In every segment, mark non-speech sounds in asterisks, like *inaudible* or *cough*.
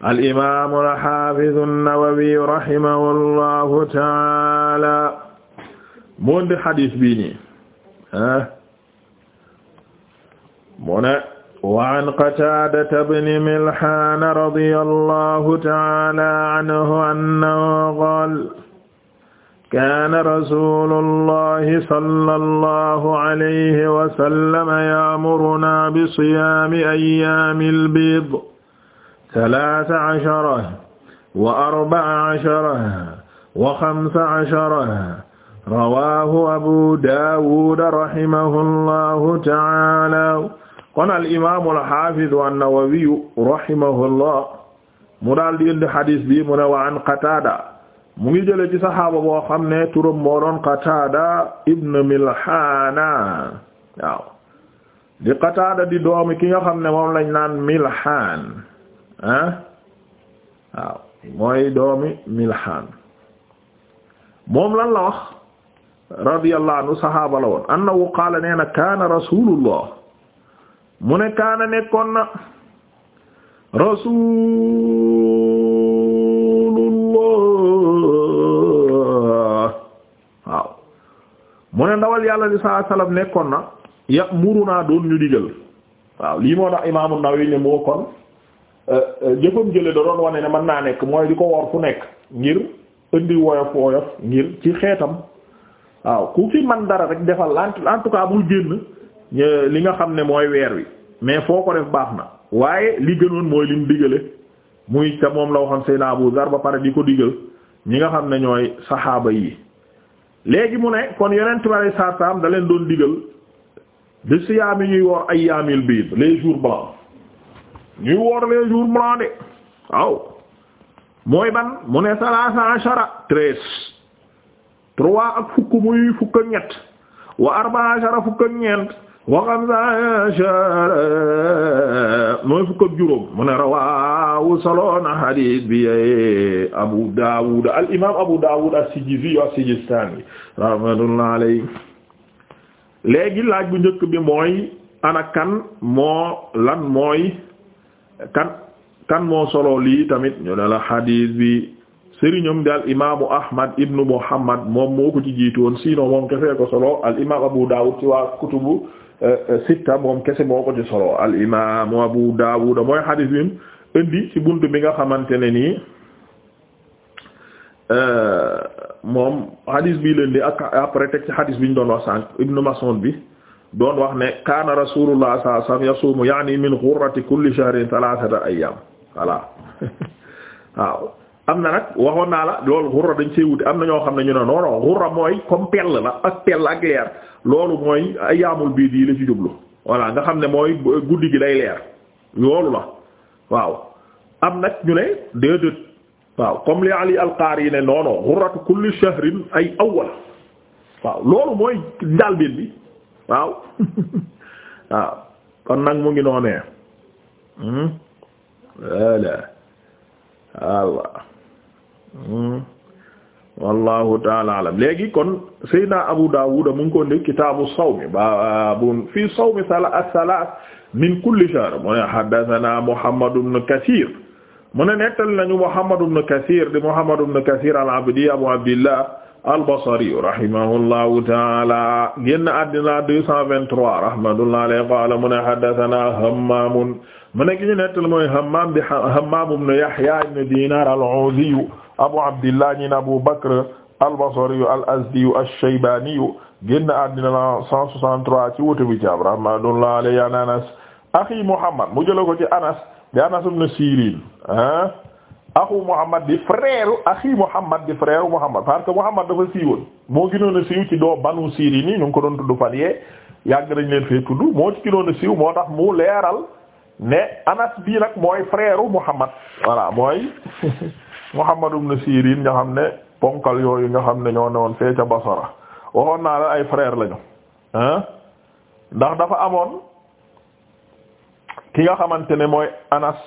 al-imaam al-haafiz an-Nawawi rahimahullahu taala moo di xadis bii nii ah mu ne wa an Qataadata bni Milhaan radiyallahu taala anhu annahu qaala kaana rasuulullahi sallallahu alayhi wa sallam ya'murunaa bi siyaami ayyaamil biid salaasa ashara wa arba'a ashara wa xamsa ashara rawaahu abu daawuda rahimahullahu ta'aala kon al imaamu al xaafidu an-nawawiyu rahimahullah mu daal di indi xadis bi mu ne wa an qataada mu ngi jëlee ci saxaaba boo xam ne turam moo doon qataada ibn milxaana waaw di qataada di doomi ki nga xam ne moom lañ naan milxaan ah waaw mooy doomi Milhaan moom lan la wax radiyallahu anhu saxaaba la woon annahu qaala nee na kaana rasulullah mu ne kaana nekkoon na rasulullah waaw mu ne ndawal yàlla li saa sallam nekkoon na ya'muruna doon ñu digal lii moo tax imaamu Nawawi ne moo Euh, euh, jëfam jële da doon wane ne man naa nekk mooy di ko wor fu nekk ngir indi woyof woyof ngir ci xeetam waaw ku fi man dara rek defal en tout cas bul génn li nga xam ne mooy weer wi mais foo ko def baax na waaye li gënoon mooy lim digale muy te moom la waxoon Seydina bu Zar ba pare di ko digal ñi nga xam ne ñooy saxaaba yi léegi mu ne kon yonent bare saam da leen doon digal bi siyaami ñuy woor ayyaamil biid les jours blancs ñuy woor les jours blancs de waaw mooy ban mu ne salaasa ashara treize trois ak fukk muy fukk ak ñett wa arba ashara fukk ak ñeent wa xamsa ashara mooy fukk ak juróom mu ne rawaawu saloona hadith bi abu daawud al imaam abu daawud as-sijizi as-sijistani rahmatullah alayhi léegi laaj bu njëkk bi mooy ana moo lan mooy kan kan moo solo lii tamit ñu ne la xadiis bi sëriñam di al imaamu ahmad ibnu muhammad moom moo ko ci jiitu woon sinon moom kese ko solo al imaam abu daawud ci waa kutubu eh, eh, sitta moom kese moo ko ci solo al imaamu mooy xadiis bi indi ci buntu bi nga xamante ne nii eh, moom xadiis bi leen di ak après teg ci xadiis bi ñu doon wax sànq ibnu mas'ud bi doon wax ne kaana rasulullah sallallahu alayhi wasallam yasuumu yaani min ghurrati kulli shahrin thalathata ayyam voilà *laughs* waaw am na nag waxoon naa la loolu ghurra dañ see wuti am na ñoo xam ne ñu ne non non ghurra mooy comme pell la ak pell ak leer loolu mooy ayyaamul biid yi la ci jublu voilà nga xam ne mooy guddi gi lay leer loolu la waaw am nag ñu ne déedéet waaw comme li Ali al yi ne non non ghurratu shahrin ay awwal waaw loolu mooy njàlbéen bi. waaw waaw *laughs* ah, nag mu ngi noonee wala hmm? Allah hmm? wallahu taala alam léegi kon Seydina Abu Dawud mu ngi ko ndi kitaabu sawmi baabun fi sawmi salaat min kulli shahr mu ne haddathana Muhammad ibn Kathir mu ne nettal nañu Muhammad ibn Kathir di Muhammad ibn Kathir al-Abdi Abu Abdillah al-Basri rahimahullahu ta'ala génn àddina 223 rahmatullahi alayhi qala mu ne haddathana Hammam mu ne ki ñu nettal mooy Hammam bi Hammam ibn Yahya ibn Dinar al-Awdi Abu Abdillah ibn Abu Bakr al-Basri al-Azdi ash-Shaybani génn àddina la 163 ci wuute bi jaab rahmatullahi alayhi an Anas akhi Muhammad mu jël ko ci Anas di Anas ibn Sirin ah. axu Muhammad di frère axi Muhammad di frère Muhammad parce que Muhammad dafa siiwoon moo gënoon a siiw ci doo banu siiri nii ñu ngi ko doon tudd fan yee yàgg nañ leen fee tudd moo ci gënoon a siiw moo tax mu leeral ne Anas bii nag mooy frère Muhammad voilà mooy *laughs* Muhammad ibn Sirin nga xam ne ponkal yooyu nga xam ne ñoo newoon fee ca Basra waxoon naa la ay frère lañu ah ndax dafa amoon ki nga xamante ne mooy Anas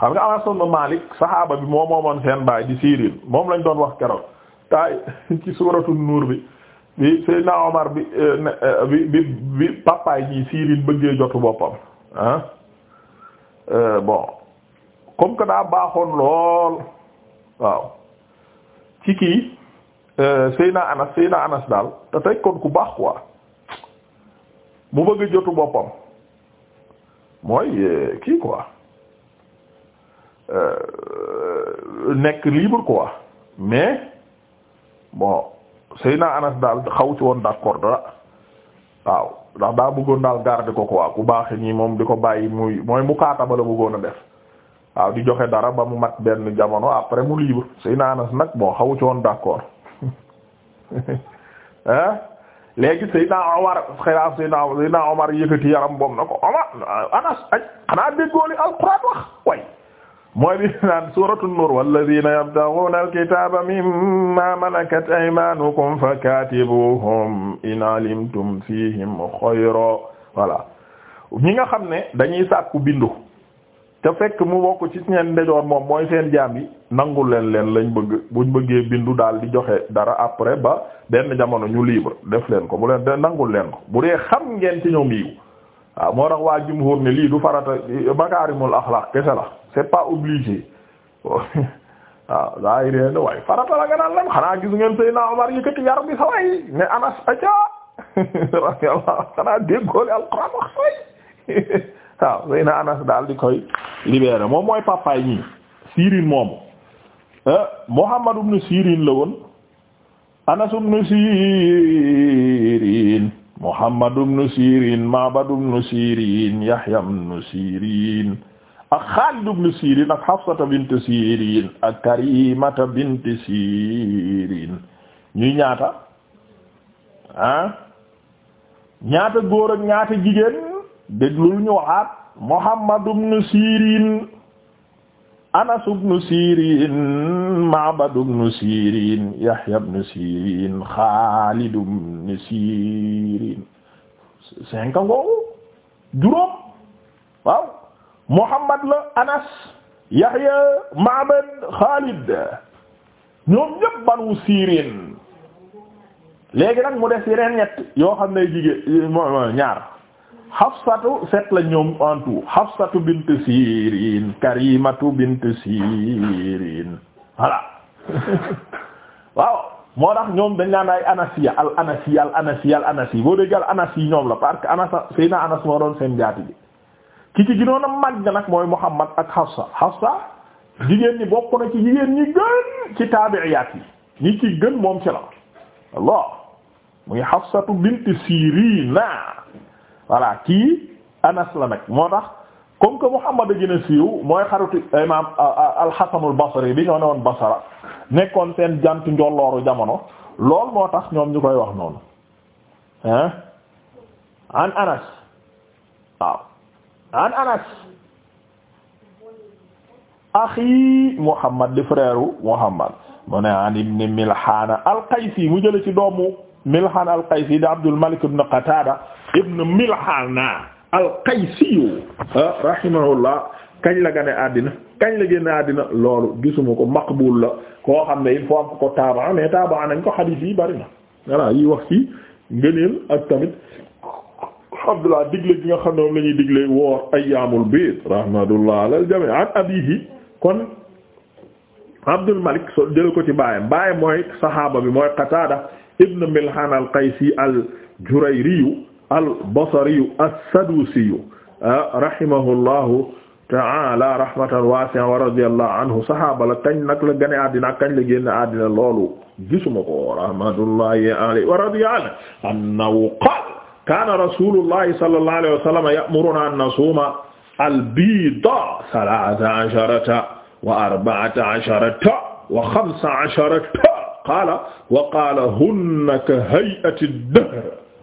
xam nga Anas ibn Malik saxaaba bi moo moomoon seen baay di Siiriin moom lañ doon wax keroog tay *laughs* ci suuratu nuur bi bi Seydina Omar bi eh, eh, bi bi papaay ji Siiriin bëggee jotu boppam ah eh, bon comme que daa baaxoon lool waaw ci kii Seydina Anas Seydina Anas daal te tey kon ku baax quoi mu bëgg jotu boppam mooy kii quoi. Euh, nekk libre quoi mais bon Seyna Anas daal xaw ci woon d'accord dara waaw ndax daa bëggoon daal garder ko ko quoi ku baax nii moom di ko bàyyi muy mooy mu kaataba la bëggoon a def waaw di joxe dara ba mu mat benn jamono après mu libre Seyna Anas nag boo xaw ci woon d'accord ah *laughs* léegi Seyna Omar xëyna Seyna Seyna Omar yaram boobu na ko Omar Anas ay xanaa déggoo li Alxuraan wax way mooy bi naan suratu nur walladina yabtaghuna alkitaba mimma malakat aymanukum fakatibuhum in alimtum fihim khayra voilà ñi nga xam ne dañuy sàkku bindu te fekk mu bokk ci seen ndejoor moom mooy seen jaam yi nangul leen leen lañ bëgg buñ bëggee bindu daal di joxe dara après ba benn jamono ñu libre def leen ko bu leen de nangul leen ko bu dee xam ngeen ci ñoom yiw waaw moo tax waa jumhur ne lii du farata makaarimul axlaaq kese la c'est pas obligé waaw daa yirée ne waaye farata la nga naan lan xanaa gis ngeen Seydina Omar yëkkati yar bi sa way ne Anas aca radiyallahu xanaa déggoole alquran wax sooy waaw Seydina Anas daal di koy libéré moom mooy papaay ñi Sirin moomu eh, Muhammad ibn Sirin la woon Anas ibn Sirin Muhammad ibn Sirin Ma'bad ibn Sirin Yahya ibn Sirin ak Xaalid ibn Sirin ak Hafsata bint Sirin ak Karimata bint Sirin ñuy ñaata ah ñaata góor ak ñaata jigéen déglul ñu waxaat Muhammad ibn Sirin Anas ibn Sirin Ma'bad ibn Sirin Yahya ibn Sirin Xaalid ibn Sirin cinq ngoogu juróom waaw Muhammad la Anas Yahya Ma'bad Khalid ñoom ñëpp banu Sirin léegi nag mu des yeneen ñett yoo xam ne jigéen ñaar Hafsatu set la ñoom en tout Hafsatu bint Sirin Karimatu bint Sirin voilà *laughs* waaw moo tax ñoom dañ naan ay Anasiya al Anasiya al Anasiya al Anasi boo dégg al yi ñoom la parce que Anas na Anas moo doon seen jaati bi ki ci ginoon a màgg nag mooy Muhammad ak Hafsa Hafsa jigéen ñi bokk na ci jigéen ñi gën ci taabi'iyaat yi ñi ci gën moom ci la Allah muy Hafsatu bint Sirin voilà kii Anas la nag moo tax comme que Muhammad a gën a siiw mooy xaritu imaam al-Hasanul Basri bi ñoo woon Basra nekkoon seen jant njollooru jamono lool moo tax ñoom ñu koy wax noonu ah Anas waaw an anas axi muhammad di frère muhammad mu ne an ibni milhana alqaysi mu jële ci doomu milhan alqaysi di abdul malik ibn qatada ibn milhana alqaysi rahimahullah kañ la gane àddina kañ la génn àddina loolu gisuma ko maqbul la koo xam ne il faut am ko ko taabaa mais taabaa nañ ko xadiis yi bari na yi wax ci ngëneel ak tamit Abdullah digle gi nga xam ne moom la ñuy digle woor ayyaamul biid rahmatullah alal jami an abihi kon Abdul Malik so jële ko ci baayam baayam mooy saxaaba bi mooy Qataada ibn Milhan al-Qaysi al-Jurayri al-Basri as-Sadusi rahimahullahu ta'ala rahmatan wasi'a wa radiyallahu anhu saxaaba la kañ nag la gane àddina ak kañ la génn àddina loolu gisuma ko rahmatullahi alayhi wa radiya anhu annahu qaala kaana rasulullahi sallallahu alayhi wa sallam ya'muruna an nasuuma al-biida salaasa asharata wa arba'ata asharata wa xamsa asharata qaala wa qaala hunna ka hay'ati ad-dahr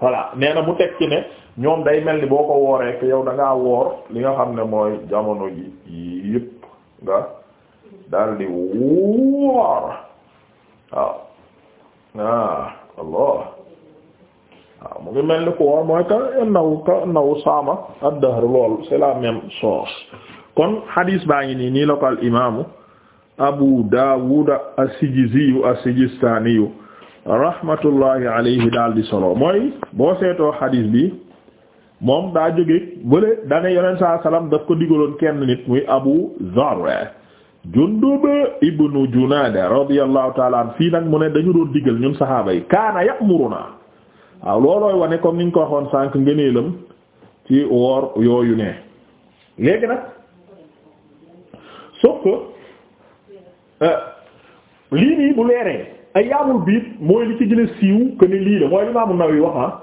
voilà nee na mu teg ci ne ñoom day mel ni boo ko wooree que yow da ngaa woor li nga xam ne mooy jamono ji yëpp nga daal di woor waaw ah Allah waaw mu ngi mel ni ku woor mooy ka naw ka naw saama ad-dahr lool c'est la même chose kon hadis baa ngi nii nii la ko al imaamu Abu Dawud as-Sijiziyu as-Sijistaniyu rahmatullahi alayhi daal di solo mooy boo seetoo hadis bi moom daa jóge bële dana yonent saa salaam daf ko digaloon kenn nit muy Abu Dharr Jundub ibnu Junaada radiyallahu ta'ala an fii nag mu ne dañu doon digal ñun saxaaba yi kaana ya'muruna waaw loolooy wane comme niñ ko waxoon sànq ngëneelam ci woor yooyu ne léegi nag sauf que euh, lii nii bu leeree ay yaamul biit mooy li ci gën a siiw que ni lii la mooy li Imaamu Nawawi wax ah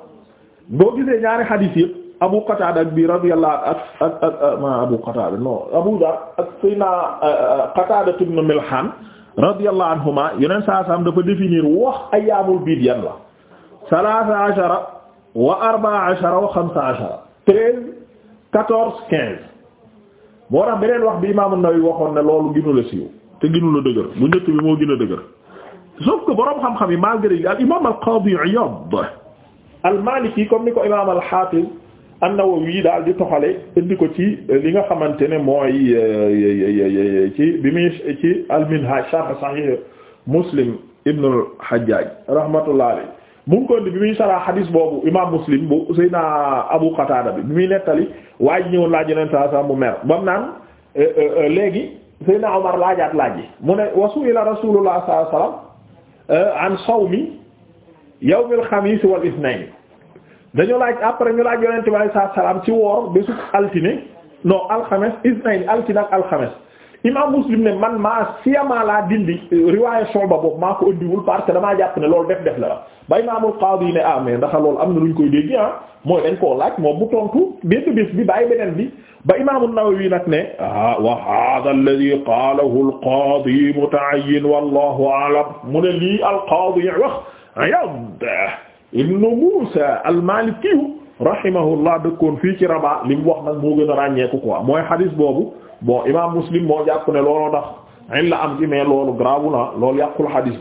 boo gisee ñaari xadiis yëpp Abu Qatada ak bi radiyallahu ak ak ak ma Abu Qatada non Abu Dar ak Seyna euh, euh, Qatada ibn Milhan radiyallahu anhuma yeneen saa saam dafa définir wax ay yaamul biit yan la. salaasa ashara wa arbaa ashara wa xamsa ashara treize quatorze quinze moo tax beneen wax bi Imaam An-Nawawi waxoon ne loolu gënu la siiw te gënu la dëgër bu njëkk bi moo gën a dëgër sauf que boroom xam-xam yi malgré al imaam al qaadi Iyaad al Maliki comme ni ko imaam al Haafiz An-Nawawi daal di toxale indi ko ci li nga xamante ne mooy euh, ci bi muy ci al Minhaaj sharh Sahih Muslim ibn al Hajjaaj rahmatullahi alayhi mu ko indi bi muy saraa xadiis boobu imaam muslim bu Seydina Abu Qatada bi bi muy nettali waaye ñëwoon laaj yeneen saa saa mu mer ba mu naan eh, eh, eh, léegi Seydina Omar laajaat laaj yi mu ne wasu ila rasulullah sallallahu alayhi wasallam an sawmi yawmil xamiis wal ithnayn dañu laaj après ñu laaj yonent bi sallallahu alayhi wasallam ci woor bésu altine non alxames ithnayn altine ak alxames imam muslim ne man maa siyama laa dindi euh, riwaaye solba boobu maa ko ëndiwul parce que damaa jàpp ne loolu def def la ba imaamul qaadi yi ne ah mais am na lu ñu koy dégg ah mooy dañ koo laaj moom bu tontu benn bés bi bàyyi beneen bi ba imaamu nawawi nag ne ah wa hada alladi qaalahu ne lii alqaadi wax Iyaad ibnu Muusa almalikiyu rahimahullah dëkkoon fii ci Rabat li mu wax nag moo gën a ràññeeku quoi xadis boobu bon imam muslim moo jàpp ne looloo tax illa am ci loolu grave ah, loolu yàqul hadith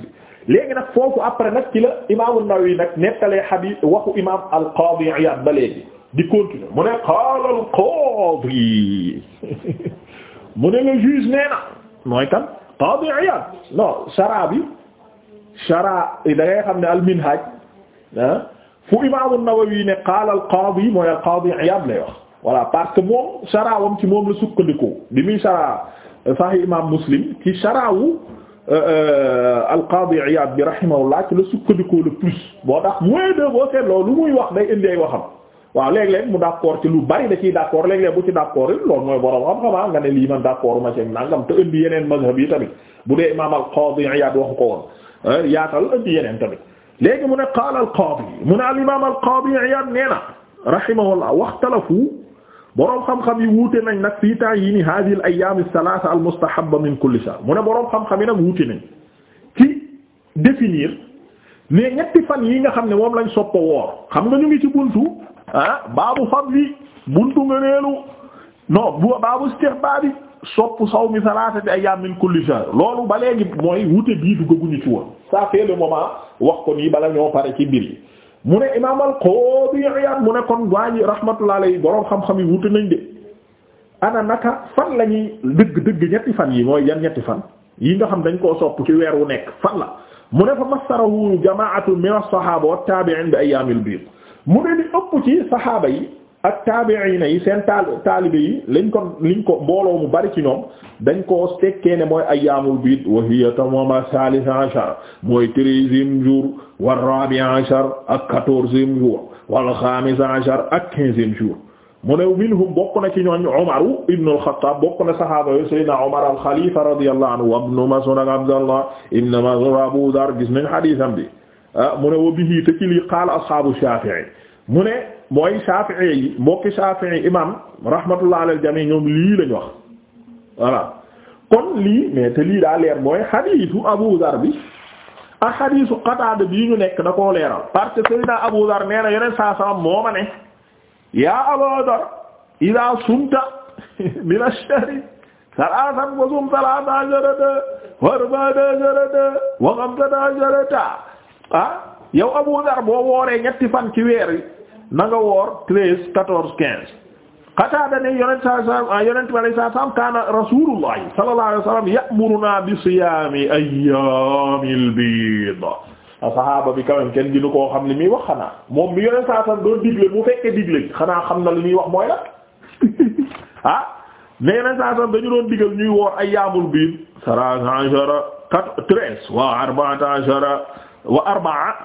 léegi nag foofu après nag ci la imaamu Nawawi nag nettalee hadith waxu imam al-Qadi Iyad ba di continuer mu ne qaala al-Qadi *laughs* mu ne le juge nee na mooy kan Qadi Iyad ne al-Minhaj ah, mooy al-Qadi Iyad lay wax voilà parce que moom saraawam ci moom la sukkandiku bi muy saraa sahih imam muslim ci saraawu euh, euh, al-Qadi bi rahimahullah ci la sukkandiku le plus boo tax mooy de boo seetloo lu wax day indi ay waxam waaw léeg mu d'accord ci lu bari da ciy d'accord léeg bu ci d'accord it loolu mooy borom xam-xamaa ah, nga ne lii man ma ci nangam te indi yeneen mazhab yi tamit bu dee imam al-Qadi Iyad waxu ko woon eh, yaatal indi yeneen tamit léegi mu ne qaala al mu ne al-imam al-Qadi Iyad nee na rahimahullah waxtalafu boroom xam-xam yi wuute nañ nag fii ta'yin hadhihi al ayyam ath-thalatha al mustahabba min kulli shahr mu ne boroom xam-xam yi nag wuute nañ ci définir mais ñetti fan yi nga xam ne moom lañ soppa woor xam nga ñu ngi ci buntu ah baabu fadli buntu ngëneelu non bu baabu istihbaabi soppu sawmi thalathati ayyam min kulli shahr loolu ba léegi mooy wuute bii duggaguñu ci woon ça fait le moment wax ko nii bala ñoo pare ci mbir mu ne imaam al-Qadi Iyaad mu ne kon waa ji rahmatullahi alayhi boroom xam-xam yi wuute nañ de ana naka fan lañuy dëgg dëgg ñetti fan yi mooy yan ñetti fan yi nga xam dañ koo sopp ci weer wu nekk fan la mu ne fa massarahu jamaa'atun min as-sahaaba wat-taabi'iin bi ayyaamil biid mu ne li ëpp ci saxaaba yi ak taabi'ina yi seen taal taalibe yi lañ ko liñ ko mbooloo mu bari ci ñoom dañ ko tekkee ne mooy ayyaamul biid wa hiya tamaama saalis ashar mooy treizième jour wa rabi' ashar ak quatorzième jour wal xaamis ashar ak quinzième jour mu ne minhum bokk na ci ñooñ Umaru ibnu al-Xattaab bokk na saxaaba yooyu Seydina Umar al-Xalifa radiyallahu anhu wa ibnu Mas'uud ak Abdallah ibnu Mas'uud Abu Dar gis nañ xadiisam bi ah, mu ne wa bihi te ci lii qaala ashaabu Shaafi'i mu ne mooy Shafi'i yi mbokki Shafi'i imam rahmatullah alal jami ñoom lii lañ kon lii mais te lii daa leer mooy xadiisu Abu Dhar bi ak xadiisu Qataada bii ñu nekk da koo leeral parce que Seydina Abu Dhar nee na yeneen saa ne yaa Abu Dhar idaa sumta *laughs* min ash-shahri salaasan wa sum salaasa jarata wa arbaata jarata wa xamsata jarata ah yow Abu Dhar boo wooree ñetti fan ci weer na nga woor treize quatorze quinze Qataada ne yonent saa saa ah, yonent bi alayhi salaam kaana rasuulullahi sallallahu alayhi wa sallam ya'muruna bi siyaami ayyaamil biid ah, sahaaba bi quand même kenn ginu koo xam li muy wax xanaa moom mi yonent saa sallam doon digle bu fekkee digle xanaa xam na li muy wax mooy la *laughs* ah mais yonent saa sallam dañu doon digal ñuy woor ayyaamul biid salaasa ashara treize wa arbaata ashara wa arbaa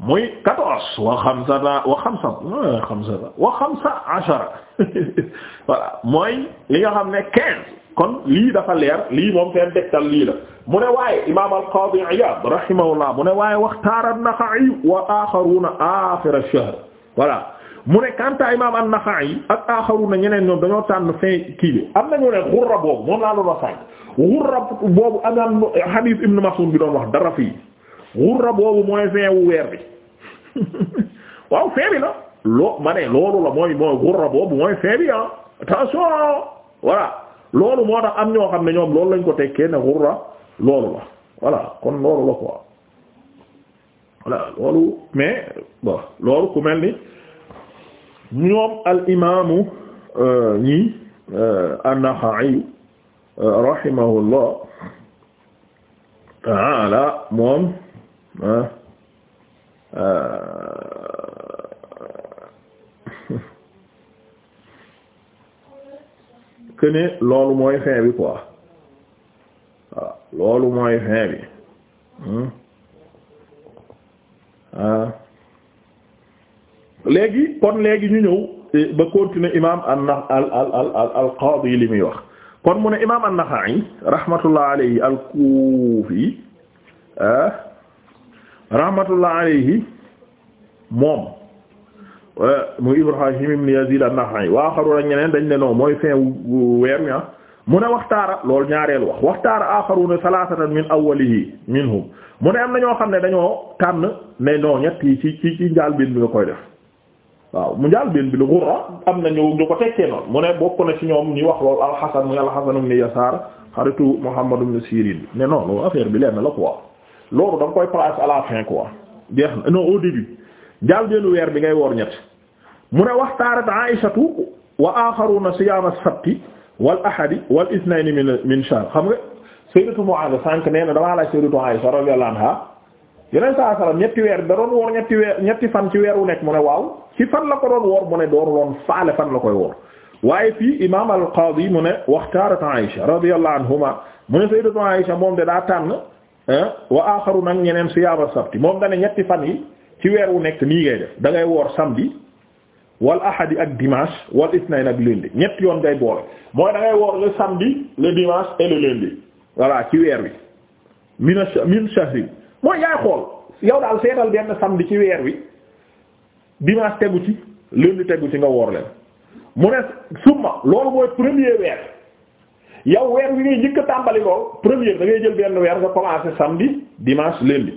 muy quatorze wa xamsata wa xamsa euh, xamsata wa xamsa ashara *laughs* voilà mooy li nga xam ne quinze kon lii dafa leer lii moom seen tegtal lii la mu ne waaye imaam al-Qaadi Iyaad rahimahullah mu ne waaye waxtaara an-Naxa'i wa axaruuna aaxira ash-shahr voilà mu ne kanta imaam an-Naxa'i ak axaruuna ñeneen ñoom dañoo tànn fin kii bi am nañu ne xurra boobu moom laa doon wax sànq xurra boobu am na hadiis Ibn Mas'ud bi doon wax dara fii xurra boobu mooy feewu weer *laughs* waaw fee la loolu la mooy mooy xurra boobu mooy fee bi ah attention loolu moo tax am ñoo ne ñoom loolu lañ ko tekkee ne xurra loolu la voilà kon loolu la quoi voilà loolu mais bon loolu ku mel ni ñoom al imaamu euh, ñi euh, an-Naxa'i euh, rahimahullah ta'ala moom Uh, *laughs* que ne loolu mooy fin bi quoi waaw ah, loolu mooy fin bi hmm? ah. léegi kon léegi ñu ñëw eh, ba continuer imaam al al al al al qaadi li muy wax kon mu ne imaam an-Naxa'i rahmatullah alayhi al-Kufi ah. rahmatullah alayhi moom euh, mu Ibrahim ibn Yazid an-Nakha'i waa xaru la ñeneen dañ ne non mooy fin weer wi ah. mu ne waxtaara loolu ñaareel wax waxtaara axaruna salatatan min awwalihi minhum mu ne am na ñoo xam ne dañoo tànn ne non ñett yi ci ci ci njaal benn bi nga koy def waaw mu njaal biin bi lu Ghurra ah, am na ñu ñu ko tekkee noonu mu ne bokk na ci ñoom ñi wax loolu al-Hasan muy al-Hasan ibn Yasaar xaritu Muhammad ibn Sirin ne non loolu affaire bi na la quoi loolu da nga koy place à la fin quoi jeex na non au début jaal benn weer bi ngay woor ñett mu ne waxtaarat aïshatu wa axaruna siyaam as-sabti wal ahadi wal ithnaini min min shahr xam nga sayyidatu Mu'adh sànq nee na damaa laaj sayyidatu Aïsha radiyallahu anha yeneen saa salaam ñetti weer da doon woor ñetti weer ñetti fan ci weer wu nekk mu ne waaw ci fan la ko doon woor mu ne doon loon faale fan la koy woor waaye fii imaam al-qaadi mu ne wax Aïsha radiyallahu anhuma mu ne sayyidatu de daa tànn wa aaxaru nag ñeneen siyaaba sabti moom dana ñetti fan yi ci weer wu nekk nii ngay def da ngay woor samedi wal ahadi ak dimanche wal isnayn ak lundi ñett yoon ngay boole mooy da ngay woor le samedi le dimanche et le lundi voilà ci weer wi min min shahri mooy yaay xool yow daal seetal benn samedi ci weer wi dimanche tegu ci lundi tegu ci nga woor leen mu ne summa loolu mooy premier weer yow weer wi ngay njëkk tàmbali lool première da ngay jël benn weer nga commencer samedi dimanche lundi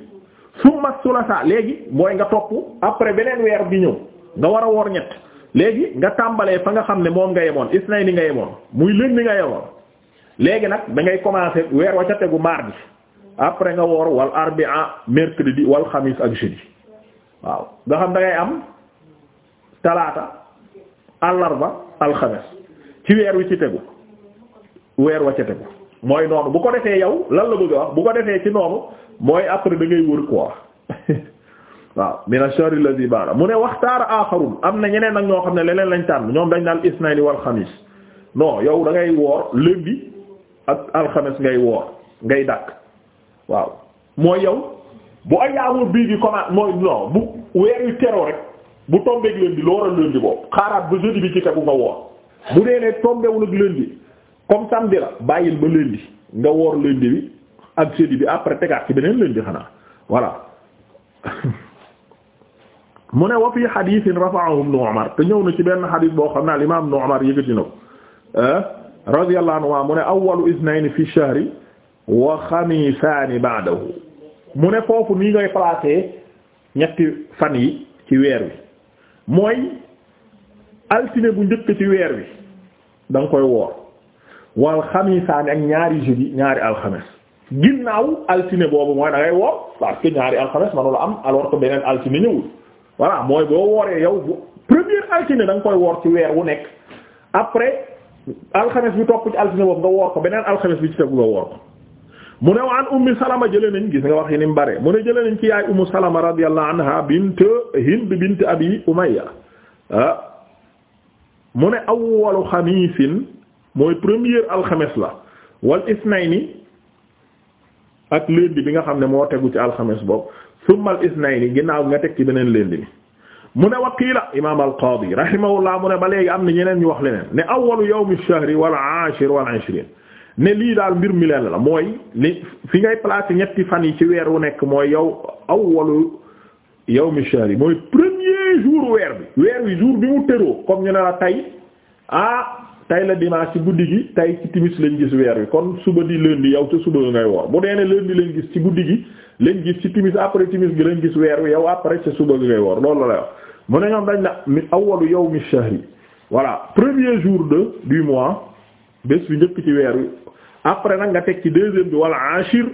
su sulasa léegi mooy nga topp après beneen weer bi ñëw nga war a woor ñett léegi nga tàmbalee fa nga xam ne moom nga yemoon isnay ni nga yemoon muy lundi nga yemoon léegi nag da ngay commencer weer wa ca tegu mardi après nga woor wal arbia mercredi wal xamis ak jeudi waaw nga xam da am talaata àllarba alxames ci weer wi ci tegu. weer wàccate ko mooy noonu bu ko defee yow lan la bëgg a wax bu ko defee ci noonu mooy après da ngay wër quoi *laughs* waaw mina shari lazi baara mu ne waxtaara aaxarun am na ñeneen nag ñoo xam ne leneen lañ tànn ñoom dañ naan isnayni wal xamis non yow da ngay woor lundi ak alxames ngay woor ngay dàkk waaw mooy yow bu ayyaamul bii bi comment mooy non bu weer yu teroo rek bu tombeeg lundi looral lundi boobu xaaraat bu jeudi bi ci tegu nga woor bu comme samedi la bàyyil ba lundi nga woor lundi bi ak jeudi bi après tegaat ci beneen lundi xanaa voilà *laughs* mu ne wa fii hadithin rafa'ahu ibn Umar te ñëw na ci benn xadis boo xam naa al imam ibn Umar yëkkati na ko ah, radiyallahu anhu mu ne awwalu fi shahri wa xamisaani mu ne foofu nii ngay placé ñetti fan yi ci weer wi mooy altine bu njëkk ci weer wi da koy woor wal xamisaani ak ñaari jeudi ñaari alxames ginnaaw altine boobu mooy da woor parce que ñaari alxames manula am alors que beneen altine ñëwul voilà mooy boo wooree yow bu première altine da koy woor ci weer wu nekk après alxames bi topp ci altine boobu nga woor ko beneen alxames bi ci tegu nga woor ko mu ne waan ummi salama jëlee nañ gis nga wax yi ni mu bare mu ne jëlee nañ ci yaay ummu salama radiyallahu anha bint hind bint abi umayya ah mu ne awwalu xamiisin mooy première alxames la wal isnayni ak lundi bi nga xam ne moo tegu ci alxames boobu summa al isnayni ginnaaw nga teg ci beneen lundi bi mu ne waqiila imaam al qaadi rahimahullah mu ne ba léegi am na ñeneen ñu wax leneen ne awwalu yawmi shahri wal ashir wal ishrin ne lii daal mbir mi leen la mooy li fi ngay placer ñetti fan yi ci weer wu nekk mooy yow awwalu yawmi shahri mooy premier jour weer bi weer wi jour bi mu tëroo comme ñu ne la tey ah. tey la dimanche ci guddi gi tey ci timis lañ gis weer wi kon suba di lundi yow te suba ngay woor bu dee ne lundi lañ gis ci guddi gi lañ gis ci timis après timis gi lañ gis weer wi yow après ca suba ngay woor loolu la lay wax mu ne ñoom dañ na mi awwalu yawmi shahri voilà premier jour de du mois bés bi njëkk ci weer wi après nag nga teg ci deuxième bi wala ashir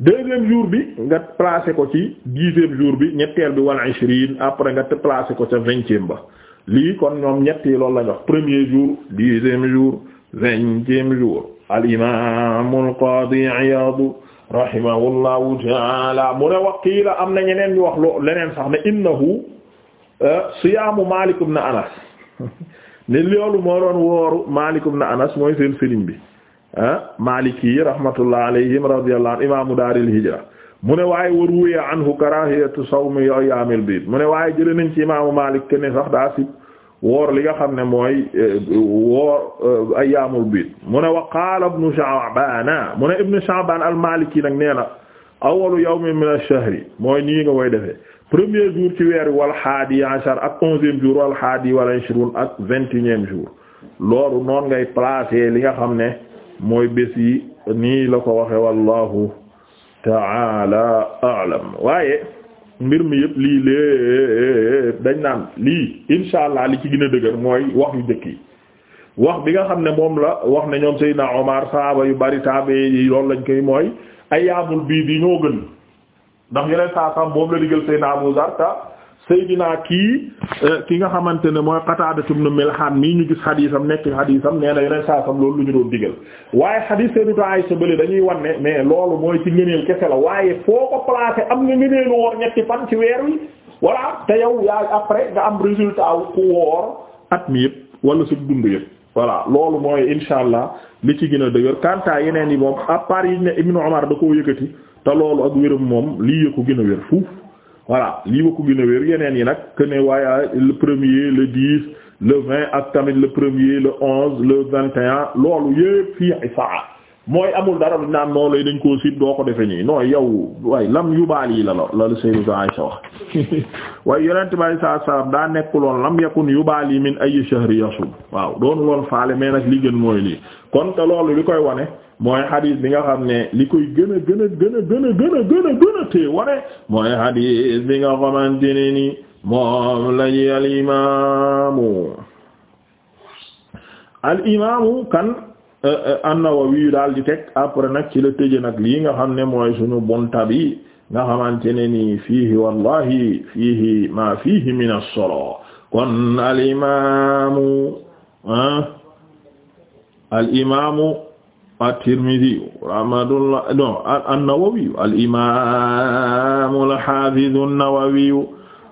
deuxième jour bi nga placé ko ci dixième jour bi ñetteel bi wala ashrin après nga placé ko ca vingtième ba lii kon ñoom ñetti lool lañ wax premier jour dixième jour vingtième jour al imam al qadi Iyad rahimahullahu taala mu ne waqiila am na ñeneen ñu wax loo leneen sax ne innahu euh, siyaamu Malik ibn Anas *laughs* ne loolu moo doon wooru Malik ibn Anas mooy seen sëriñ bi ah Maliki rahmatullah alayhim radiyallahu anhu imaamu daaril hijra mu ne waaye waruwee anhu karahiyatu sawmi ayyaamil biid mu ne waay jëlee nañ ci imaamu Malik kenn sax daa woor li nga xam ne mooy euh, woor euh, ayyaamul biid mu ne wa qaala ibnu Sha'baan mu ne ibnu Sha'baan al nag nee na awwalu yawmin min ash-shahri mooy nii nga koy defee premier jour ci weer wal haadi ashar ak onzième jour wal haadi ak vingt unième jour loolu noon ngay placer li nga xam ne mooy bés yi nii la ko waxe wallahu ta'ala a'lam mbir mi yëpp lii lée dañ naan lii insha allah li ci gën a dëgër mooy wax yu njëkk yi wax bi nga xam ne moom la wax ne ñoom Seydina Omar saaba yu bari taabe yi loolu lañ koy mooy ay yaamul bii di ñoo gën ndax yeneen saa sam boobu la digal Seydina Abu Zarta Seydina kii eh, ki nga xamante ne mooy Qataada ibn Milhan mii ñu gis xadiisam nekk xadiisam nee na yeneen saasam loolu lu ñu doon digal waaye xadiis Sayyidatu Aysa bële dañuy wan ne mais loolu mooy ci ngëneel kese la waaye foo ko placé am nga ngëneelu woor ñetti fan ci weer wi voilà te yow yaa après nga am résultat wu ku woor at mi yëpp wala su dund yëpp voilà loolu mooy insha allah li ci gën a dëgër kanta yeneen yi moom à part yi ne Ibn Umar da koo ak wéram moom lii yëkku gën a wér voilà lii ba ko gën a yeneen yi nag que waaye le premier le dix le vingt ak tamit le premier le onze le vingt et un loolu yëpp fii ay saa mooy amul dara lu naan noonu lay dañ ko siit doo ko defee nii non yow waaye lam yu baal yi la la loolu Seydou Aysa wax *laughs* waaye yonent bi ay saa saa daa nekkuloon lam yakun yu baal yi min ay shahri yasum waaw doonu loon faale mais nag li gën mooy lii kon te loolu li koy wane. mooy xadis bi nga xam ne li koy gën gën a gën a gën a gën bi moom lañu al imaamu kan euh, euh, an-Nawawi daal di teg après nag ci la tëje nag lii nga xam ne mooy suñu bonta nga xamante ne ni fiihi wallahi fiihi ma fiihi min as-sala kon al imaamu ah at-Tirmidhi rahmatullah non nawawi al-imam al-hafiz an-Nawawi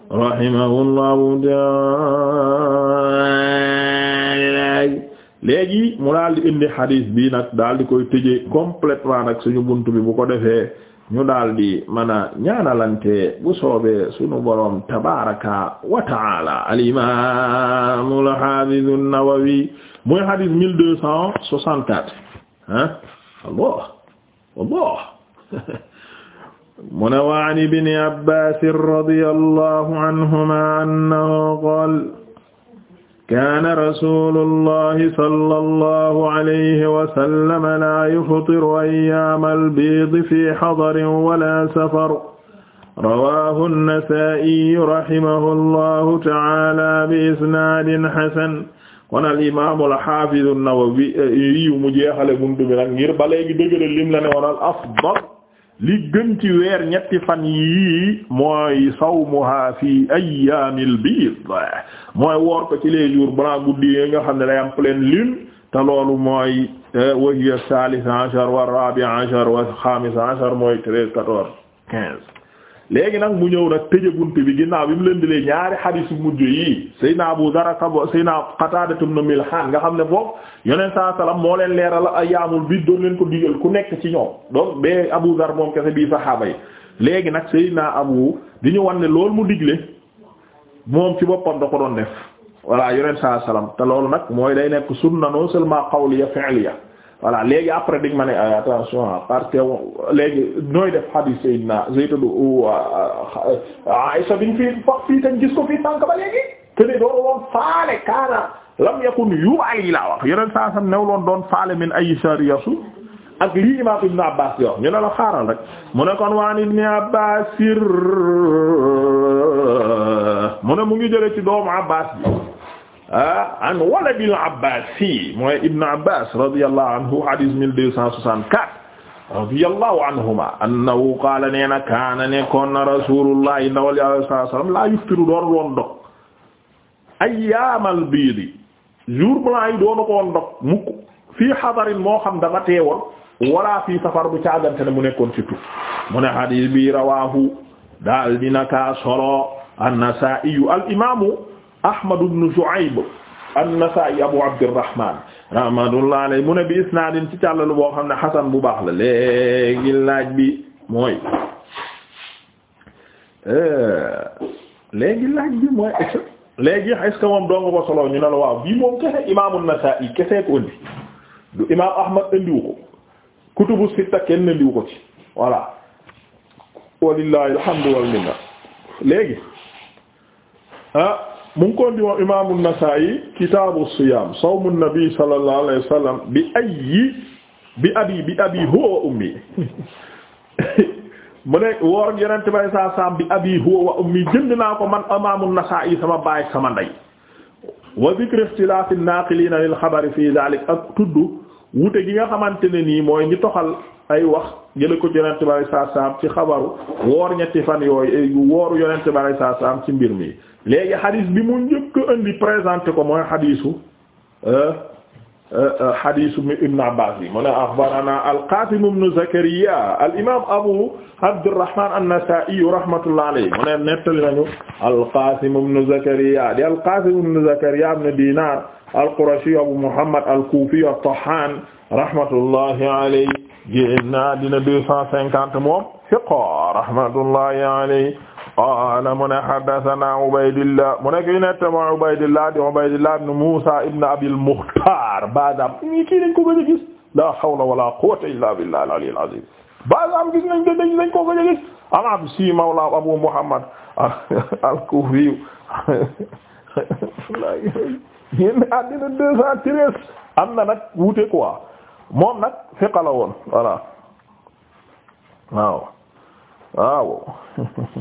rahimahullahu ta'ala léegi mu daal di indi hadith bi nag daal di koy tëjee complètement nag suñu buntu bi bu ko defe ñu daal di mën a ñaanalante bu soobee suñu borom tabaraka wa al-imam al-hafiz an-Nawawi mooy hadith 1264 ah allah allah *laughs* mu ne wa an ibni abbasin radia allahu anhuma annahu qaal kaana rasulu allahi sala allahu alayhi wasallama laa yuftiru ayyaama albiidi fi hadarin wala safar rawaahu nnasaa'iyu rahimahu allahu ta'aala bi isnaadin hasan wana al imaam al xaafiz an-Nawawi eh, yiw mu jeexale buntu bi nag ngir ba léegi dëgëral lim la ne woon al afdal li gën ci weer ñetti fan yi mooy sawmuha fi ayyaamil biid mooy woor ci les jours blancs guddi yi nga xam ne day am pleine lune ta loolu mooy eh, wa hiya salis ashar wa rabi ashar wa xamis ashar mooy treize quatorze quinze léegi nag mu ñëw nag tëje bunt bi ginnaaw bi mu leen di ñaari xadiis yu mujj yi Seydina Abu Dharr ak Seydina Qataada ibn Milhaan nga xam ne foofu yoneen saa salaam moo leen leeral a ayaamul bi doon leen ko digal ku nekk ci ñoom donc bee Abu Dharr moom kese bii saxaaba yi léegi nag Seydina Abu di ñu wan ne loolu mu digle moom ci boppam da ko doon def walaa yoneen saa salaam te loolu nag mooy day nekk sunna non seulement qawliya fi'liya voilà léegi après dañ ma ne euh, attention parce que léegi nooy def hadith Seydina Zaytadu euh, euh, Aisha biñ fii fax fii tañ gis ko fii tànk ba léegi te ne doon woon faale kaana lam yakun yu ay laa wax yeneen saa sam new loon doon faale min ay sariyasu ak lii imam ibn abbas yo ñu ne la xaaral rek mu ne kon waan ibn abbasir mu ne mu ngi jële ci doomu abbas bi Ah, an waladil Abbaasi mooy Ibn Abbaas radiyallahu anhu hadis 1264 radiyallahu anhuma annahu qaala nee na kaana nekkoon na rasulullahi ndawal yàlla sallallahu alayhi wasallam laa yuftiru doon woon dog ayyaamal biidi jour blanc yi doonu ko woon dog mukk fii xadarin moo xam dafa teewoon wala fii safar bu caagante ne mu nekkoon ci tut mu ne hadis bi rawaahu daal dina kaa solo an-Nasaa'i al imaamu Ahmad ibn Shu'ayb an-Nasaa'i Abu Abdirrahmaan rahmatullahi mu ne bi isnaadin ci càllalu boo xam ne xasan bu baax la léegi laaj bi mooy eh, léegi laaj bi mooy léegi est-ce que moom doo nga ko ñu ne la waaw moom kese imaamu Nasaa'i kese ko du imaam Ahmad indiwu ko kutubu sitta kenn indiwu ko ci voilà walillahi alhamdu wal minna léegi ah mu ngi ko di moom imaamu Nasaa'i kitaabu siyaam sawmu nabi sallallahu alayhi wa sallam bi ayyi bi abi bi abi huwa wa ummi *laughs* mu ne woor yonent bay saa saam bi abi huwa wa ummi jënd naa ko man imaamu Nasaa'i sama baay sama ndey wa dhikru ikhtilaafi an-naaqiliina lil xabari fii daalik ak tudd wute gi nga xamante ne nii mooy ñi toxal ay wax jële ko yonente bi alay saa saam ci xabaru woor ñetti fan yooyu eh, wooru yonente bi alay saam ci mbir mi léegi xadiis bi mu njëkk indi présenté ko mooy xadiisu eh, hadiisu Ibn Abbaas yi mu ne axbaranaa al-Qaasim ibn Zakariyaa al-imaam Abu Abdirrahmaan an-Nasaa'i rahmatullahi alayhi mu ne nettali nañu al-Qaasim ibn Zakariyaa di al-Qaasim ibn Zakariyaa ibn Diinaar al-Qurashi Abu Muhammad al-Kuufi at-Tahhaan rahmatullahi alayhi génn na dina deux cent cinquante moom fiqa rahmatullahi alayhi qaala mu ne haddasanaa Ubaydillah mu nekk yu nekk mooy di Ubaydillah ibn Muusaa ibn Abil Muxtaar Baazam ñii kii lañ ko gëj a gis laa hawla walaa quwwata illaa billaahi al-aliyyil aziim Baazam gis nañ ko dañ lañ ko gëj a gis am Absi mawlaa Abu Muhammad al-Kuufi yéen àddina deux cent treize am na nag wuute quoi moom nag fiqa la woon voilà waaw *laughs*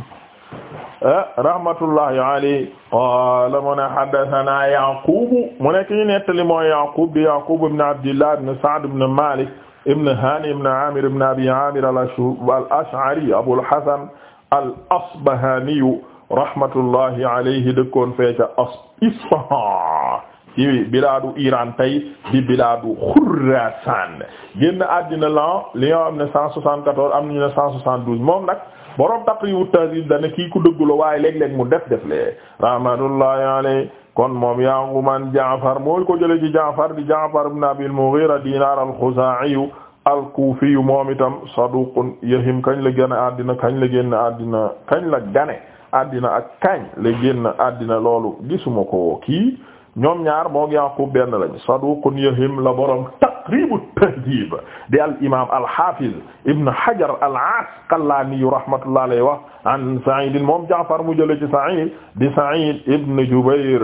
Eh, rahmatullahi alayhi qala mu ne haddathana Yaqub mu nekk ñu nettali mooy Yaqub di Yaqub ibn Abdillah ibn Sa'd ibn Malik ibn Hani ibn Amir ibn Abi Amir al-Ash'ari Abul Hasan al-Asbahani rahmatullahi alayhi dëkkoon fee ca Isfahan ci biladu Iran tay di biladu Khurasan génn àddina lan li nga xam ne 174 am nañu ne 172 moom nag borom taqribu tahdib dana kii ku dëggu la waaye léeg-léeg mu def def lee rahmatullahi alayhi kon moom Yaqub an Jaafar mooy ko jëlee ci Jaafar di Jaafar ibn Abil Mughira Dinar al-Khuzaa'i al-Kufi moom itam saduqun yahim kañ la gane àddina kañ la génn àddina kañ la gane àddina ak kañ la génn àddina loolu gisuma ko kii ñoom ñaar moog Yaqub benn lañ saduqun yahim la borom taqrib at-tahdhib di al imam al hafiz ibn hajar al asqalani rahmatullah alayhi wa an sa'id moom ja'far mu jële ci sa'id di sa'id ibn jubair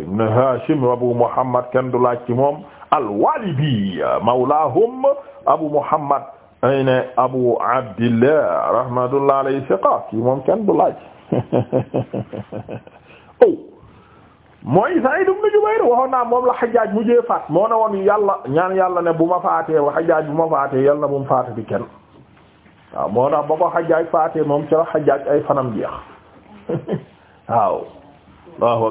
ibn hashim abu muhammad kenn du laaj ci moom al walidi mawlahum abu muhammad ay ne abu abdillah rahmatullah alayhi siqa kii moom kenn du laaj *laughs* oh, mooy Saïd ibn Jubayr waxoon naa moom la Hajjaaj mujjee faat moo ne woon yàlla ñaan yàlla ne bu ma faatee wa Hajjaaj bu ma faatee yàlla bu mu faate bi kenn waaw moo tax ba ko Hajjaaj faatee moom ci la Hajjaaj ay fanam jeex *laughs* waaw Allahu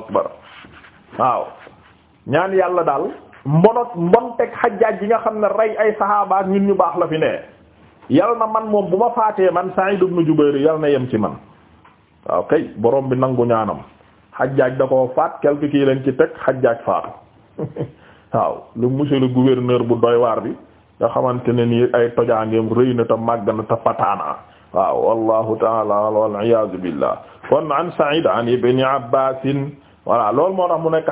waaw ñaan yàlla daal mbonot mbonteg Hajjaaj bi nga xam ne rey ay saxaaba ak ñun ñu baax la fi ne yal na man moom bu ma faatee man Saïd ibn Jubayr yal na yem ci man waaw kay borom bi nangu ñaanam xajjaaj da koo faat quelque kii lañ ci teg xajjaaj faatu *laughs* waaw le monsieur le gouverneur bu doy waar bi nga xamante ne nii ay tojaangeem rëy na te màgg na te pataana waaw wallahu taala wal iyaazu billah kon loolu moo tax mu nekk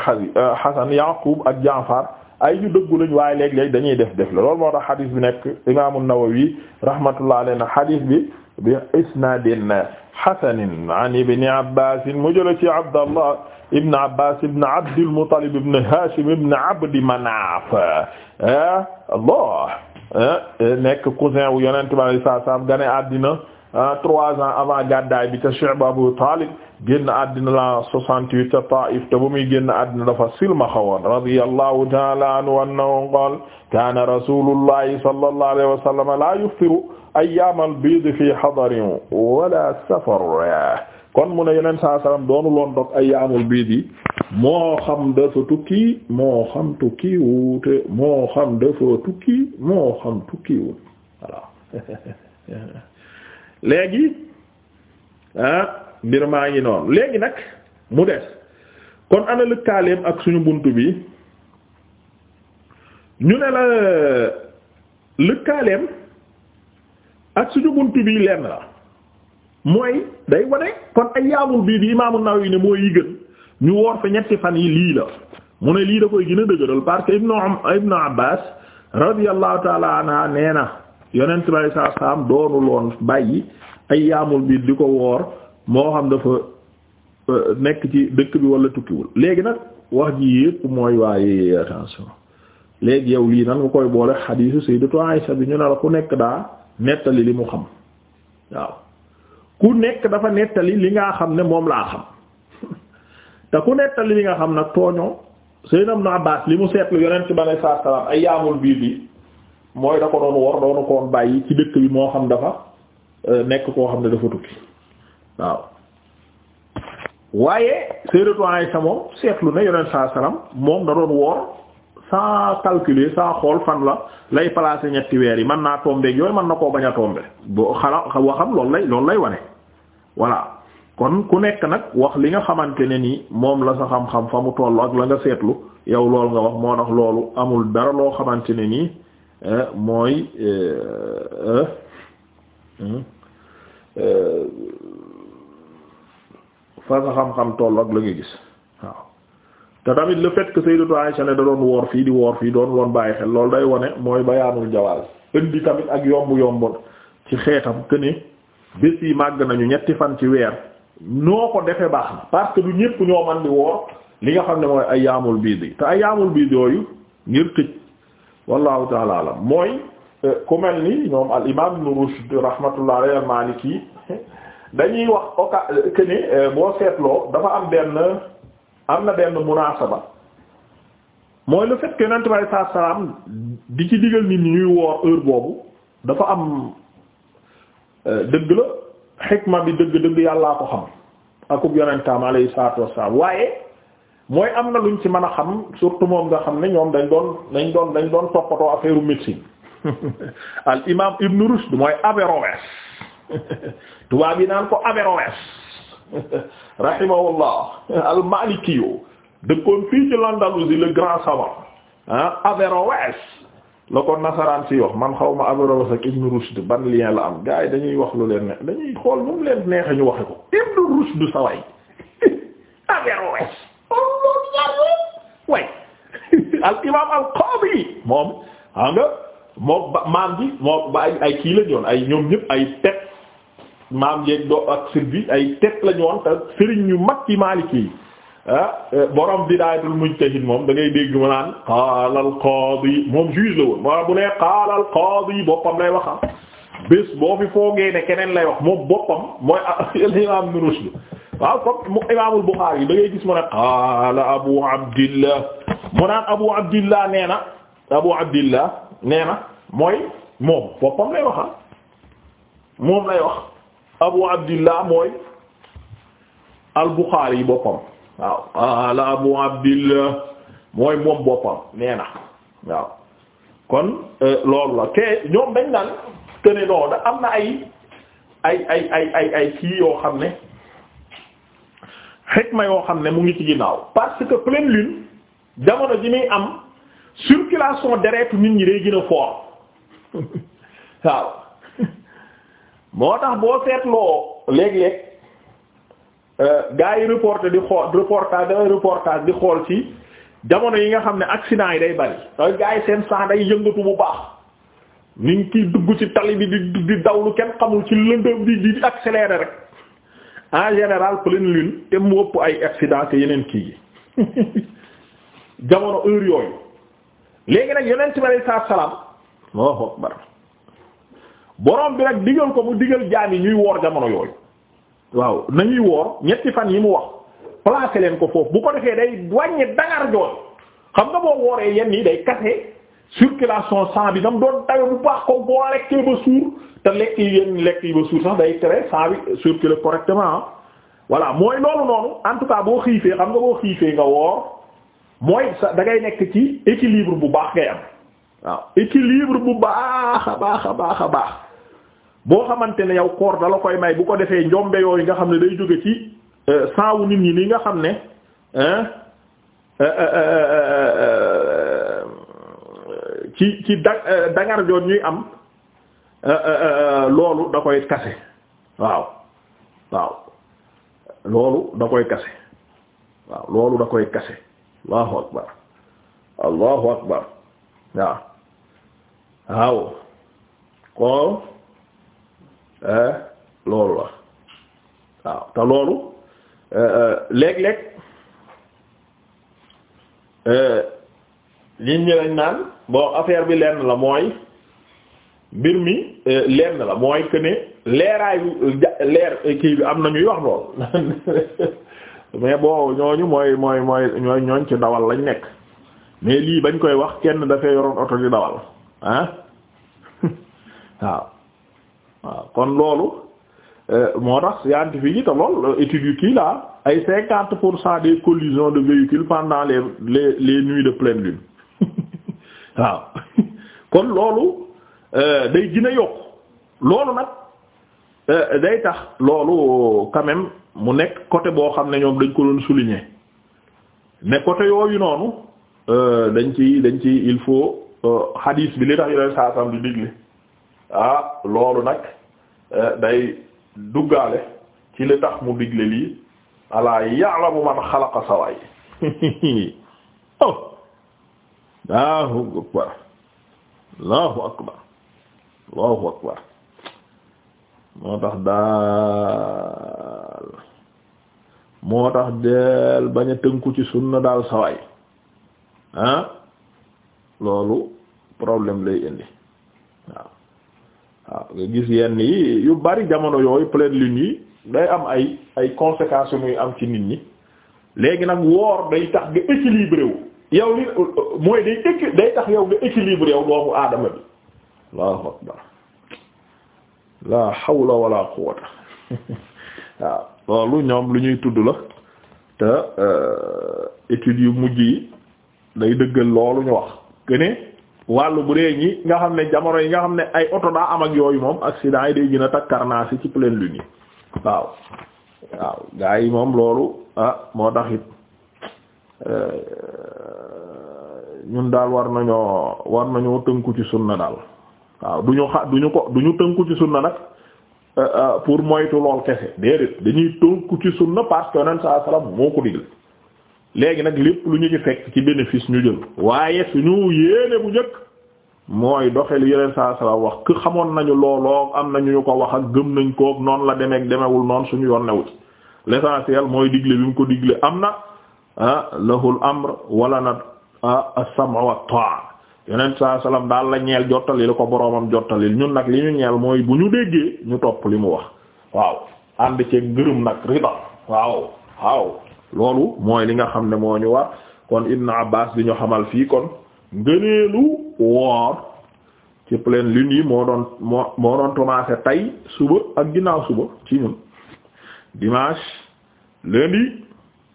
Hasan euh, Yaqub ak Jaafar ay ñu dëggu lañ waaye léeg-léeg dañuy def def la loolu moo tax xadiis bi nekk Imaam An-Nawawi rahmatullah alayhi xadiis bi bi isnaadin hasanin an ibni Abbaas mu jële ci Abdallah ibn Abbaas ibn Abdil Muttalib ibn Haashim ibn Abdi Manaaf ah, Allah ah, nekk cousin wu Yonent bi sallallahu alayhi wa sallam gane àddina Euh, trois ans avant gàddaay bi te Shu'b Abu Talib génn àddina la soixante-huit ta Taif te ba muy génn àddina dafa silmaxa woon radiyallahu ta'ala anhu annahu qala kana rasulullahi sallallahu alayhi wa sallam la yuftiru ayyam al-bid fi hadarin wala safar kon mu ne yeneen saa salaam doonu loon dog ayyaamul biid yi moo xam dafa tukki moo xam tukki wuute moo xam dafa tukki moo xam tukki wuute voilà *laughs* léegi ah, mbir maa ngi noonu léegi nag mu des kon ana lëkkaaleem ak suñu bunt bi ñu ne la lëkkaaleem ak suñu bunt bi lenn la mooy day wane kon ay yaamul bii bi Imaam An-Nawawi ne mooy yi gën ñu woor fa ñetti fan yi lii la mu ne lii da koy gën a dëgëral parce que Ibnu Ibnu Abbaas radiyallahu ta'ala anha nee na yonent bay saa saam doonul woon bàyyi ay yaamul biir di ko woor moo xam dafa euh, nekk ci dëkk bi wala tukkiwul léegi nag wax ji yépp mooy waaye attention léegi yow lii nag nga koy boole xadiisu sayyidatu Aisha bi ñu ne la ku nekk daa nettali li mu xam waaw ku nekk dafa nettali li nga xam ne moom laa xam *laughs* te ku nettali li nga xam nag tooñoo naa Abbas li mu seetlu yonent bi sallallahu alayhi wasallam ay yaamul biir bi mooy da ko doon wor doonu koon bàyyi ci dëkk bi moo xam dafa euh, nekk koo xam ne dafa tukki waaw waaye Sayyidatu Aisha moom seetlu na yonent saa salaam moom da doon woor sans calculer sans xool fan la lay placer ñetti weer yi mën naa tomber yooyu mën na koo bañ a tomber boo xala waxam loolu lay loolu lay wane voilà kon ku nekk nag wax li nga xamante ne ni moom la sa xam-xam fa mu toll ak la nga seetlu yow loolu nga wax moo tax loolu amul dara loo xamante ne nii E, mooy e, e, hmm, fa nga xam-xam toll ak la nga gis waaw te tamit le fait que Sayyidatu Aisha da doon woor fii di woor fii doon woon bàyyi xel loolu day wone mooy bayaanul jawaaz indi tamit ak yomb yomboon ci xeetam que bés yi màgg nañu ñetti fan ci weer noo ko defe baax na parce du ñépp ñoo di woor li nga xam ne mooy ay yaamul biid yi te ay yaamul biid yooyu ngir tëj wallahu taala mooy euh, ku mel ni ñoom al imam Ibn Rushd rahmatullah alayhi al Maliki dañuy wax oka que euh, boo seetloo dafa am benn am na benn munaasaba mooy le fait que yonent salaam di ci digal nit ñi ñuy woor heure boobu dafa am euh, dëgg la xikma bi dëgg dëgg yàllaa ko xam akub yonentam alayhi salaatu wassalaam waaye mooy am na luñ ci mën a xam surtout moom nga xam ne ñoom dañ doon dañ doon dañ doon toppatoo affaire médecine *laughs* al imam Ibn Rushd mooy Averroès *laughs* tubaab yi naan ko Averroès rahimahullah al Maliki dëkkoon fii ci l'Andalousie le grand savant ah la ko nasaraan si wax man xaw ma Averroès ak Ibn Rushd ban lien la am gars dañuy wax lu leen ne dañuy xool nu mu leen neexe ñu waxe ko Ibn Rushd saway *laughs* Averroès al imaam al qaadi moom xam nga ba maam ji moo ba ay kii la ñoon ay ñoom ñëpp ay tet maam jeeg do ak sirbi ay tet la ñoon te sëriñ ñu mag ci Maliki yi ah eh, borom bidaayatul mujtahid moom dangay dégg ma naan qaala al qaadi moom juge la woon maa bu nee qaala al qaadi boppam lay wax am ah. bés boo fi foogee ne keneen lay wax moom boppam mooy al imaam Ibn Rushd waaw comme imaamul Buxaari yi da ngay gis mu ne qaala abu abdillah mu naan abu abdillah nee na abu abdillah nee na mooy moom boppam lay wax moom lay wax abu abdillah mooy al Buxaari yi boppam waaw qaala abu abdillah mooy moom boppam nee na waaw kon euh, loolu la te ñoom dañ naan te ne da am na ay ay ay ay ay ay yoo xam ne xikma yoo xam ne mu ngi ci ginnaaw parce que pleine lune jamono ji muy am circulation deretu nit ñi day gën a *laughs* waaw *laughs* moo tax boo seetloo léeg-léeg euh, gars yi reporté di xool reportage dafay reportage di xool ci jamono yi nga xam ne accident yi day bari dooy gars yi seen sax day yëngatu bu baax ni ngi kiy dugg ci tali bi di di daw lu kenn xamul ci lëndëm di di accélérer rek en général pleine lune te mu ëpp ay accident te yeneen kii yi jamono heure yooyu léegi nag yonent bi alayhi salaatu salaam Allahu akbar bi nag digal ko mu digal jaam yi ñuy woor jamono yooyu waaw nañuy woor ñetti fan yi mu wax placé leen ko foofu bu ko defee day wàññi dangar jooy xam nga boo wooree yenn yi day kase circulation sang bi dam doon dawe bu baax comme boo lekkee ba suur te lekk yi yenn lekk yi ba suur sax day tere sang bi circuler correctement ah. voilà mooy loolu noonu en tout cas boo xiifee xam nga boo xiifee nga woor mooy sa da ngay nekk ci équilibre bu baax ngay am waaw équilibre bu baax a baax a baax a baax boo xamante ne yow koor dala koy may bu ko defee njombe yooyu nga xam ne day jóge ci euh, wu nit ñi ni nga xam ne euh, euh, ci ci da euh, dangar ñuy am euh, euh, loolu da koy kase waaw waaw loolu da koy kase waaw loolu da koy kase allahu akbar allahu akbar waaw waaw kon loolu la waaw te loolu léeg-léeg nit lañ naan bo affaire bi lenn la mooy mbir mi euh, lenn la mooy que ne leeraay euh, leer euh, kii bi am na ñuy wax lool *laughs* mais bon ñooñu mooy mooy mooy ñooy ñooñ ci dawal lañ nekk mais lii bañ koy wax kenn dafay yoroon oto di dawal ah *laughs* waaw waaw kon loolu moo tax scientifique yi te lool études yu kii la ay cinquante pour cent des collisions de véhicules pendant les les les nuits de pleine lune waaw *laughs* kon loolu euh, day gën a yokk loolu nag euh, day tax loolu quand mu nekk côté boo xam ne ñoom dañ ko doon souligner mais côté yooyu noonu euh, dañ ci dañ ci il faut hadis bi li tax yeneen saa sam di digle ah, loolu nag day duggaale ci li tax mu digle lii ala ya'lamu man xalaqa sawaay *laughs* oh! Allahu akbar Allahu akbar Allahu akbar moo tax daal moo tax del bañ a tënku ci sunna daal sawaay ah loolu problème lay indi waaw waaw nga gis yenn yi yu bari jamono yooyu pleine lii yi day am ay ay conséquences muy am ci nit ñi léegi nag woor day tax nga équilibré yow li mooy day équi day tax yow nga équilibre yow doomu aadama bi allahu akbar la hawla wala quwwata *laughs* waaw loolu ñoom lu ñuy tudd la te euh, études yu mujj yi day dëggal loolu ñu wax gëne wàllu bu dee ñi nga xam ne jamono yi nga xam ne ay oto daa am ak yooyu moom accident yi day gën a takkarnaasi ci pleine lune yi waaw waaw gaa yi moom loolu ah moo tax Euh, ñun daal war nañoo war nañoo tënku ci sunna daal waaw du ñu xa du ñu ko du ñu tënku ci sunna nag euh, euh, pour moytu lool kese déedéet dañuy tënku ci sunna parce que yonent saa salaam moo ko digle léegi nag lépp lu ñu ci fekk ci bénéfice ñu jël waaye suñu yéene bu njëkk mooy doxe li yeneen saa salaam wax ku xamoon nañu looloo am na ñu ko wax ak gëm nañ koog noonu la demeek demewul noonu suñu yoon newut l'essentiel mooy digle bi mu ko digle am na. Ah, lahul amr wala nag ah, as-sam'u wat-ta'a yeneen saa salaam daal la ñeel jottali la ko boroomam jottalil ñun nag li ñu ñeel mooy bu ñu déggee ñu topp li mu wax waaw ànd ci ngërëm nag rida waaw waaw loolu mooy li nga xam ne moo ñu war kon Ibn Abbas di ñu xamal fii kon ngëneelu woor ci pleine lune yi moo doon moo moo doon commencé tey suba ak ginnaaw suba ci ñun dimanche lundi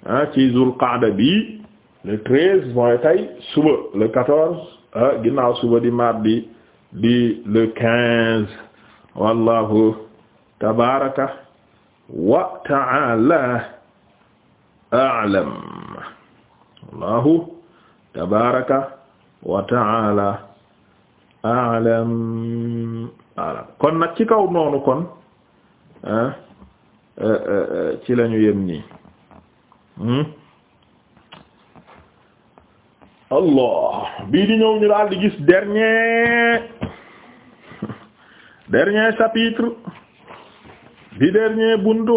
ah ci zul qaada bi le treize mooy tey suba le quatorze ah suba di mardi di le quinze wallahu tabaraka wa ta'ala a'lam wallahu tabaraka wa ta'ala a'lam kon nag ci kaw noonu kon euh, euh, euh, ci lañu yem ni Hmm? allah bii di ñëw ñu daal di gis dernier *laughs* dernier chapitre bi dernier buntu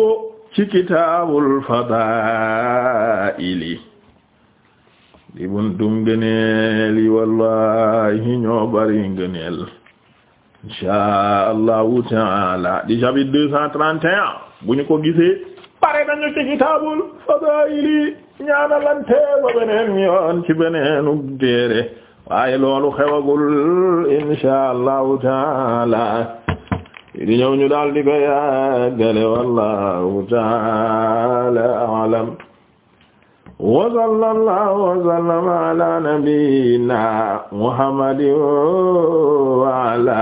ci kitaabul fadaa'ili di buntum ngëneel wallahi ñoo bari ngëneel inshaa allahu taala di chapitre bu ñu ko gisee pare nañu ci kitaabul fadaili ñaanalante ba beneen yoon ci beneenub téere waaye loolu xewagul insha allahu taala di ñëw ñu daal di ko yàggale wallahu taala alam wa sallallahu wa sallama ala nabiyyina muhammadin wa ala